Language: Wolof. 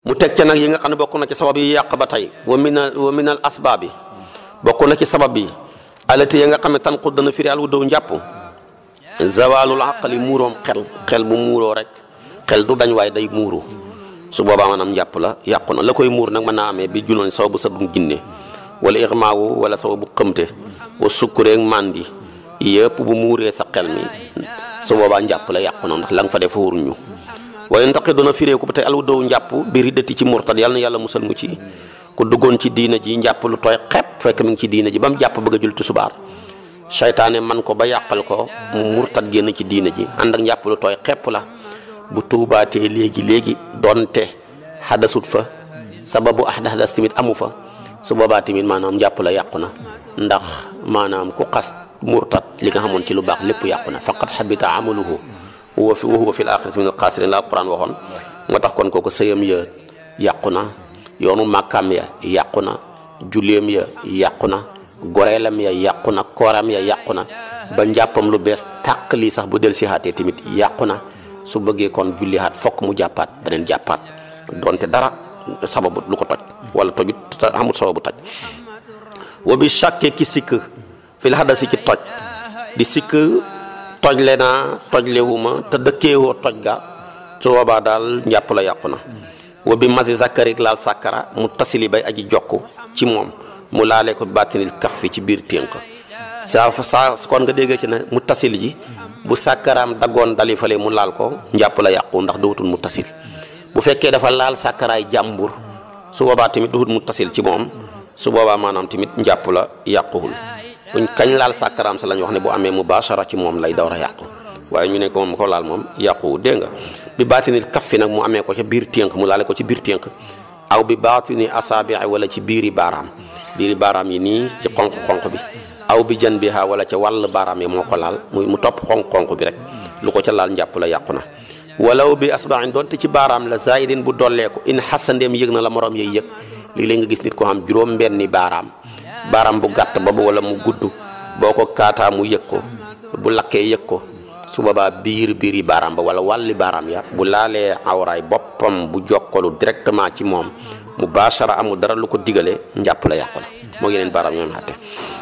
mu tek ca nag yi nga xam ne bokk na ci sabab yi yàq ba tey wa minal wa minal asbaab yi bokk na ci sabab yi alati ya nga xam ne tan xut dana firi al wuddaw njàpp zawaalul aqali muuroom xel xel bu muuroo rek xel du dañ waaye day muuru su boobaa maanaam njàpp la yàqu na la koy muur nag mën naa amee bi bu sa sadum jinne wala irmaawu wala sababu xëmte wa sukkureeg màndi yëpp bu muuree sa xel mi su boobaa njàpp la yàqu na ndax la nga fa def wóoruñu waaye ndaqi dana fireeku ba tey alwu dow njàpp bi riddati ci murtad yàlla na yàlla musal mu ci ku duggoon ci diina ji njàpp lu tooy xepp fekk mi ngi ci diina ji ba mu jàpp bëgg a jul tusubaar seytaane man ko ba yàqal ko murtad génn ci diina ji ànd ak njàpp tooy xepp la bu tuubaatee léegi léegi donte xadasut fa sababu ahdas tamit amu fa su boobaa tamit maanaam njàpp la yàqu na ndax maanaam ku xas murtad li nga xamoon ci lu baax lépp yàqu na faqad amalu amaluhu wa fil aaxirati minal xaasiriin moo tax kon kooku sëyam ya na yoonu màkkaam ya yàqu na julleem ya yàqu na goreelam ya yàqu na kooram ya yàqu na ba njàppam lu bees tàq lii sax bu del si xaatee tamit yàqu na su bëggee kon julli xaat fokk mu jàppaat beneen jàppaat donte dara sababu lu ko toj wala tojut amul sababu toj wa bi chaque ki sikk fi la xadasi toj di sikk tojle naa tojlewuma te dëkkewoo toj ga su boobaa daal njàpp la yàqu na wa bi masi zakkarik laal sàkkara mu tasili bay aji jokk ci moom mu laalee ko bàttinil kaf fi ci biir ténk saa fa saa kon nga déggee ci ne mu tasili ji bu sàkkaraam daggoon dali fale mu laal ko njàpp la yàqu ndax dootul mu tasil bu fekkee dafa laal sàkkaraay jàmbur su boobaa tamit dootul mu tasil ci moom su boobaa maanaam tamit njàpp la yàquwul buñ kañ laal sàkkaraam sa lañ wax ne bu amee mubaashara ci moom lay dawra yàqu waaye ñu ne ko moom ko laal moom yàquwu dégg nga bi baatinil kaffi nag mu amee ko ca biir ténk mu laale ko ci biir ténk aw bi baatini asaabi wala ci biiri baaraam biiri baaraam yi nii ci xonq-xonq bi aw bi jan biha wala ca wàll baaraam yi moo ko laal mu topp xonq-xonq bi rek lu ko ca laal njàpp la yàqu na walaw bi asbaain doonte ci baaraam la zaidin bu dollee ko in xasandeem yëg na la morom yoy yëg léeg-léeg nga gis nit am juróom-benni baaraam baaraam bu gàtt ba wala mu gudd boo ko kaata mu yëg ko bu lakkee yëg ko su boobaa biir biir yi baaraam ba wala wàlli baaraam ya bu laalee awraay boppam bu jokkalu directement ci moom mu baasara amul dara lu ko digale njàpp la yàqu la moo yeneen baaraam ñoom àtte